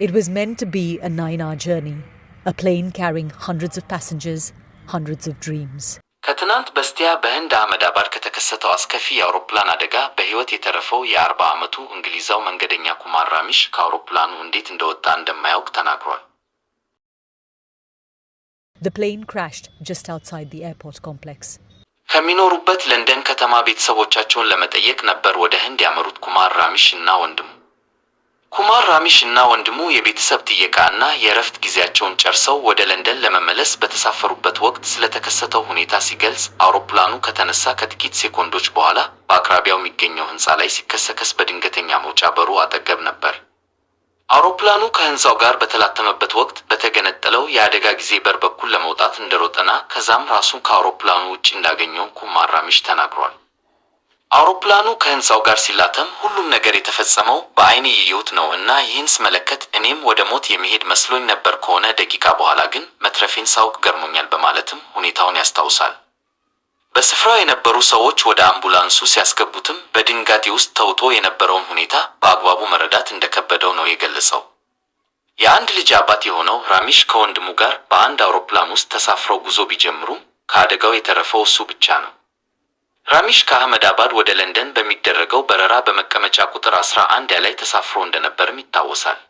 It was meant to be a nine hour journey, a plane carrying hundreds of passengers, hundreds of dreams. ከትናንት በስቲያ በህንድ አህመዳባድ ከተከሰተው አስከፊ የአውሮፕላን አደጋ በህይወት የተረፈው የአርባ ዓመቱ እንግሊዛው መንገደኛ ኩማር ራሚሽ ከአውሮፕላኑ እንዴት እንደወጣ እንደማያውቅ ተናግሯል። The plane crashed just outside the airport complex. ከሚኖሩበት ለንደን ከተማ ቤተሰቦቻቸውን ለመጠየቅ ነበር ወደ ህንድ ያመሩት ኩማር ራሚሽ እና ወንድሙ ኩማር ራሚሽ እና ወንድሙ የቤተሰብ ጥየቃ እና የእረፍት ጊዜያቸውን ጨርሰው ወደ ለንደን ለመመለስ በተሳፈሩበት ወቅት ስለተከሰተው ሁኔታ ሲገልጽ አውሮፕላኑ ከተነሳ ከጥቂት ሴኮንዶች በኋላ በአቅራቢያው የሚገኘው ሕንፃ ላይ ሲከሰከስ በድንገተኛ መውጫ በሩ አጠገብ ነበር። አውሮፕላኑ ከሕንፃው ጋር በተላተመበት ወቅት በተገነጠለው የአደጋ ጊዜ በር በኩል ለመውጣት እንደሮጠና ከዛም ራሱን ከአውሮፕላኑ ውጭ እንዳገኘው ኩማር ራሚሽ ተናግሯል። አውሮፕላኑ ከህንፃው ጋር ሲላተም ሁሉም ነገር የተፈጸመው በአይኔ የየውት ነው እና ይህን ስመለከት እኔም ወደ ሞት የሚሄድ መስሎኝ ነበር። ከሆነ ደቂቃ በኋላ ግን መትረፌን ሳውቅ ገርሞኛል በማለትም ሁኔታውን ያስታውሳል። በስፍራው የነበሩ ሰዎች ወደ አምቡላንሱ ሲያስገቡትም በድንጋጤ ውስጥ ተውጦ የነበረውን ሁኔታ በአግባቡ መረዳት እንደከበደው ነው የገለጸው። የአንድ ልጅ አባት የሆነው ራሚሽ ከወንድሙ ጋር በአንድ አውሮፕላን ውስጥ ተሳፍረው ጉዞ ቢጀምሩም ከአደጋው የተረፈው እሱ ብቻ ነው። ከአህመድ ከአህመዳባድ ወደ ለንደን በሚደረገው በረራ በመቀመጫ ቁጥር 11 ላይ ተሳፍሮ እንደነበርም ይታወሳል።